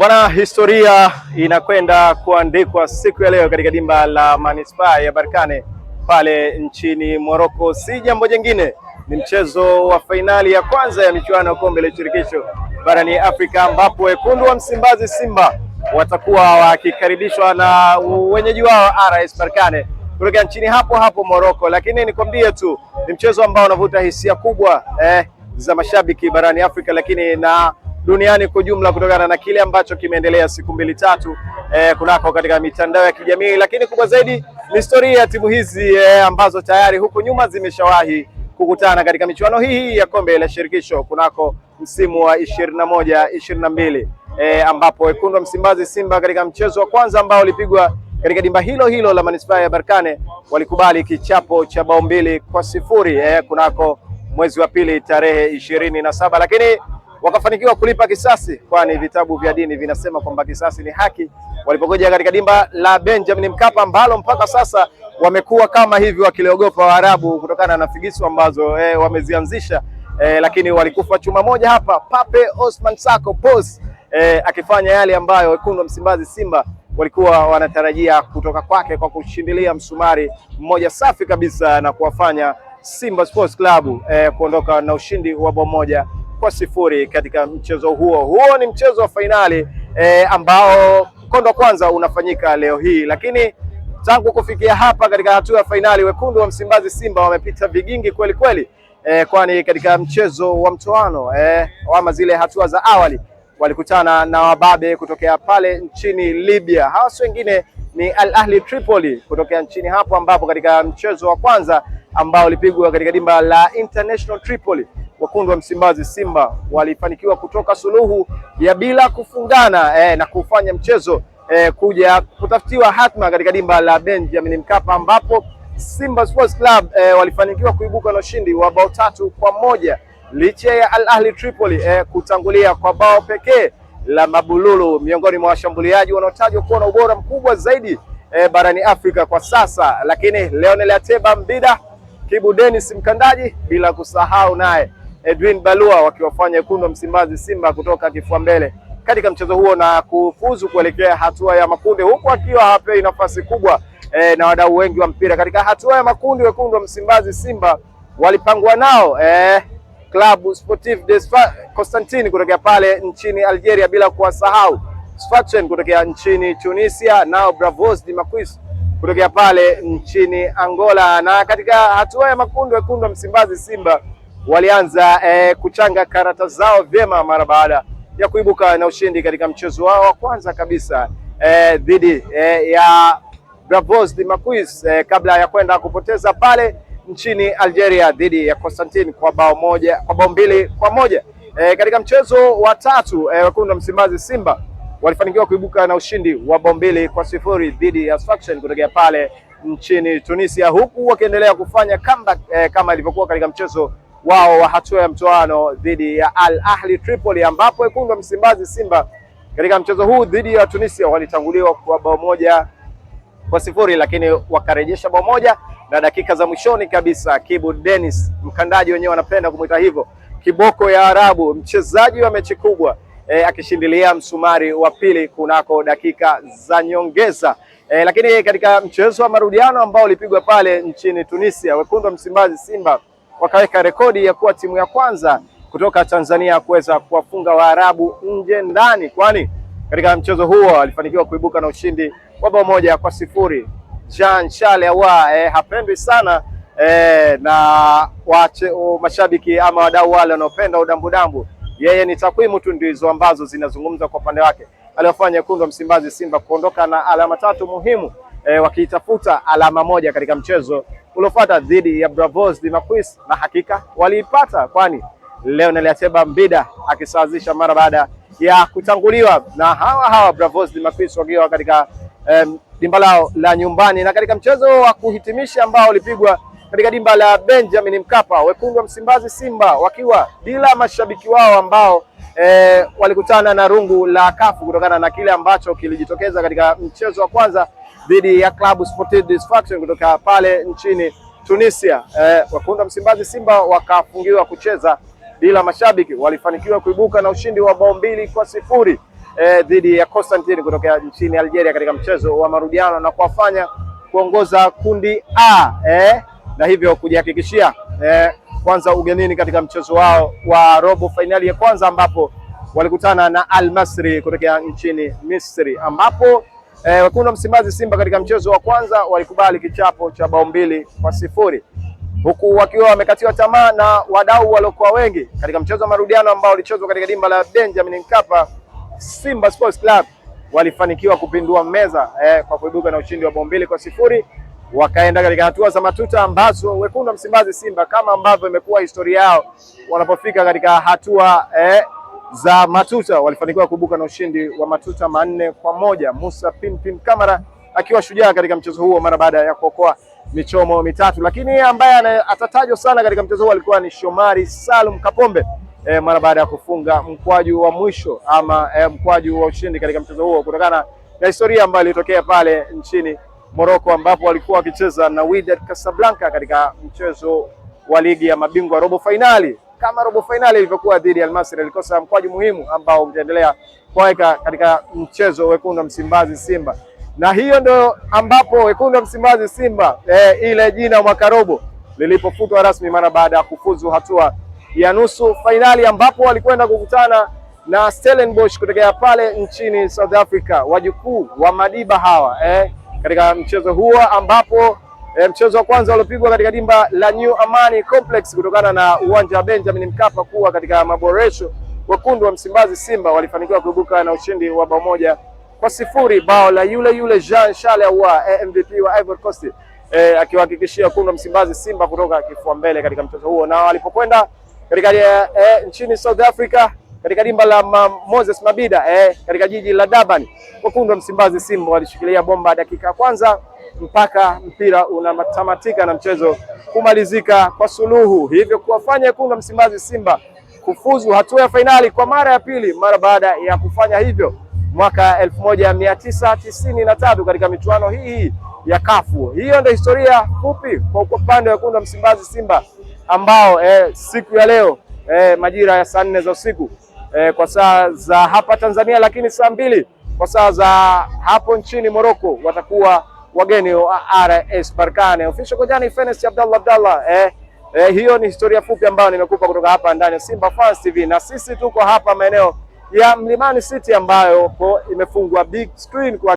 Bwana, historia inakwenda kuandikwa siku ya leo katika dimba la manispaa ya Barkane pale nchini Morocco. Si jambo jingine, ni mchezo wa fainali ya kwanza ya michuano ya kombe la shirikisho barani Afrika, ambapo wekundu wa Msimbazi Simba watakuwa wakikaribishwa na wenyeji wao RS Barkane kutoka nchini hapo hapo Morocco. Lakini nikwambie tu, ni mchezo ambao unavuta hisia kubwa eh, za mashabiki barani Afrika, lakini na duniani kwa jumla, kutokana na kile ambacho kimeendelea siku mbili tatu eh, kunako katika mitandao ya kijamii, lakini kubwa zaidi ni historia ya timu hizi eh, ambazo tayari huko nyuma zimeshawahi kukutana katika michuano hii ya kombe la shirikisho kunako msimu wa ishirini na moja ishirini na mbili eh, ambapo wekundu wa Msimbazi Simba katika mchezo wa kwanza ambao ulipigwa katika dimba hilo hilo la manispaa ya Berkane walikubali kichapo cha bao mbili kwa sifuri e, kunako mwezi wa pili tarehe ishirini na saba lakini wakafanikiwa kulipa kisasi, kwani vitabu vya dini vinasema kwamba kisasi ni haki, walipokuja katika dimba la Benjamin Mkapa ambalo mpaka sasa wamekuwa kama hivi wakiliogopa Waarabu kutokana na figisu ambazo e, wamezianzisha e, lakini walikufa chuma moja hapa. Pape Osman Sako Boss e, eh, akifanya yale ambayo wekundu wa Msimbazi Simba walikuwa wanatarajia kutoka kwake kwa kushindilia msumari mmoja safi kabisa na kuwafanya Simba Sports Club e, kuondoka na ushindi wa bao moja kwa sifuri katika mchezo huo huo. Ni mchezo wa fainali e, ambao mkondo wa kwanza unafanyika leo hii, lakini tangu kufikia hapa katika hatua ya fainali, wekundu wa Msimbazi Simba wamepita vigingi kweli kweli e, kwani katika mchezo wa mtoano e, ama zile hatua za awali walikutana na wababe kutokea pale nchini Libya. Hawa si wengine ni Al Ahli Tripoli kutokea nchini hapo, ambapo katika mchezo wa kwanza ambao ulipigwa katika dimba la International Tripoli wekundu wa Msimbazi Simba walifanikiwa kutoka suluhu ya bila kufungana eh, na kufanya mchezo eh, kuja kutafutiwa hatma katika dimba la Benjamin Mkapa ambapo Simba Sports Club eh, walifanikiwa kuibuka na ushindi wa bao tatu kwa moja licha ya Al Ahli Tripoli eh, kutangulia kwa bao pekee la Mabululu, miongoni mwa washambuliaji wanaotajwa kuwa na ubora mkubwa zaidi eh, barani Afrika kwa sasa, lakini Leonel Ateba Mbida, Kibu Dennis Mkandaji bila kusahau naye Edwin Balua wakiwafanya wekundu wa Msimbazi Simba kutoka kifua mbele katika mchezo huo na kufuzu kuelekea hatua ya makundi, huku akiwa hapei nafasi kubwa e, na wadau wengi wa mpira katika hatua ya makundi. Wekundu wa Msimbazi Simba walipangwa nao e, eh, klabu Sportif de Constantine kutokea pale nchini Algeria, bila kuwasahau Sfaxien kutokea nchini Tunisia, nao Bravos de Maquis kutokea pale nchini Angola. Na katika hatua ya makundi, wekundu wa Msimbazi Simba walianza eh, kuchanga karata zao vyema mara baada ya kuibuka na ushindi katika mchezo wao wa kwanza kabisa eh, dhidi eh, ya Bravos de Maquis eh, kabla ya kwenda kupoteza pale nchini Algeria dhidi ya Constantin kwa bao moja kwa bao mbili kwa moja. E, katika mchezo wa tatu eh, wekundu wa Msimbazi Simba walifanikiwa kuibuka na ushindi wa bao mbili kwa sifuri dhidi ya Sfaxien kutokea pale nchini Tunisia, huku wakiendelea kufanya comeback e, kama ilivyokuwa katika mchezo wao wa hatua ya mtoano dhidi ya Al Ahli Tripoli, ambapo wekundu wa Msimbazi Simba katika mchezo huu dhidi ya Tunisia walitanguliwa kwa bao moja kwa sifuri, lakini wakarejesha bao moja na dakika za mwishoni kabisa, Kibu Dennis, mkandaji wenyewe wanapenda kumwita hivyo, kiboko ya Arabu, mchezaji wa mechi kubwa e, akishindilia msumari wa pili kunako dakika za nyongeza. E, lakini katika mchezo wa marudiano ambao ulipigwa pale nchini Tunisia, wekundu wa Msimbazi Simba wakaweka rekodi ya kuwa timu ya kwanza kutoka Tanzania kuweza kuwafunga Waarabu nje ndani, kwani katika mchezo huo alifanikiwa kuibuka na ushindi wa bao moja kwa sifuri. Jean Charles Ahoua eh, hapendwi sana eh, na wache, uh, mashabiki ama wadau wale wanaopenda udambudambu. Yeye ni takwimu tu ndizo ambazo zinazungumza kwa upande wake, aliofanya wekundu wa Msimbazi Simba kuondoka na alama tatu muhimu eh, wakiitafuta alama moja katika mchezo uliofuata dhidi ya Bravos de Maquis na hakika waliipata, kwani Leonel Ateba Mbida akisawazisha mara baada ya kutanguliwa na hawa hawa Bravos de Maquis wakiwa katika um, dimba lao la nyumbani. Na katika mchezo wa kuhitimisha ambao ulipigwa katika dimba la Benjamin Mkapa, wekundu wa Msimbazi Simba wakiwa bila mashabiki wao ambao e, walikutana na rungu la kafu kutokana na kile ambacho kilijitokeza katika mchezo wa kwanza dhidi ya klabu Sportive Disfaction kutoka pale nchini Tunisia. Eh, wakunda Msimbazi Simba wakafungiwa kucheza bila mashabiki, walifanikiwa kuibuka na ushindi wa bao mbili kwa sifuri eh, dhidi ya Constantine kutoka nchini Algeria katika mchezo wa marudiano na kuwafanya kuongoza kundi A eh, na hivyo kujihakikishia eh, kwanza ugenini katika mchezo wao wa robo fainali ya kwanza ambapo walikutana na Al Masri kutokea nchini Misri ambapo Eh, wekundu wa Msimbazi Simba katika mchezo wa kwanza walikubali kichapo cha bao mbili kwa sifuri huku wakiwa wamekatiwa tamaa na wadau waliokuwa wengi katika mchezo wa marudiano ambao ulichezwa katika dimba la Benjamin Mkapa. Simba Sports Club walifanikiwa kupindua meza eh, kwa kuibuka na ushindi wa bao mbili kwa sifuri wakaenda katika hatua za matuta ambazo wekundu wa Msimbazi Simba kama ambavyo imekuwa historia yao wanapofika katika hatua eh, za matuta walifanikiwa kuibuka na ushindi wa matuta manne kwa moja. Musa Pimpim Kamara akiwa shujaa katika mchezo huo mara baada ya kuokoa michomo mitatu, lakini ambaye atatajwa sana katika mchezo huo alikuwa ni Shomari Salum Kapombe e, mara baada ya kufunga mkwaju wa mwisho ama e, mkwaju wa ushindi katika mchezo huo kutokana na historia ambayo ilitokea pale nchini Morocco ambapo walikuwa wakicheza na Wydad Casablanca katika mchezo wa ligi ya mabingwa robo fainali kama robo fainali ilivyokuwa dhidi ya Almasri, alikosa mkwaju muhimu ambao utaendelea kuwaweka katika mchezo wekundu wa Msimbazi Simba, na hiyo ndio ambapo wekundu wa Msimbazi Simba e, ile jina mwaka robo lilipofutwa rasmi mara baada ya kufuzu hatua ya nusu fainali ambapo walikwenda kukutana na Stellenbosch kutokea pale nchini South Africa, wajukuu wa Madiba hawa eh, katika mchezo huo ambapo E, mchezo wa kwanza uliopigwa katika dimba la New Amani Complex kutokana na uwanja wa Benjamin Mkapa kuwa katika maboresho, wekundu wa Msimbazi Simba walifanikiwa kuibuka na ushindi wa bao moja kwa sifuri, bao la yule yule Jean Charles Ahoua eh, MVP wa Ivory Coast e, akiwahakikishia wekundu wa Msimbazi Simba kutoka kifua mbele katika mchezo huo, na walipokwenda katika e, nchini South Africa katika dimba la ma Moses Mabida e, katika jiji la Durban, wekundu wa Msimbazi Simba walishikilia bomba dakika ya kwanza mpaka mpira unatamatika na mchezo kumalizika kwa suluhu, hivyo kuwafanya Wekundu wa Msimbazi Simba kufuzu hatua ya fainali kwa mara ya pili mara baada ya kufanya hivyo mwaka elfu moja mia tisa tisini na tatu katika michuano hii ya kafu. Hiyo ndio historia fupi kwa upande wa Wekundu wa Msimbazi Simba ambao eh, siku ya leo eh, majira ya saa nne za usiku eh, kwa saa za hapa Tanzania, lakini saa mbili kwa saa za hapo nchini Morocco watakuwa wageni wa RS Berkane. Official kojani Fenes Abdallah Abdallah eh. Eh, hiyo ni historia fupi ambayo nimekupa kutoka hapa ndani ya Simba Fans TV, na sisi tuko hapa maeneo ya Mlimani City ambayo imefungwa big screen kwa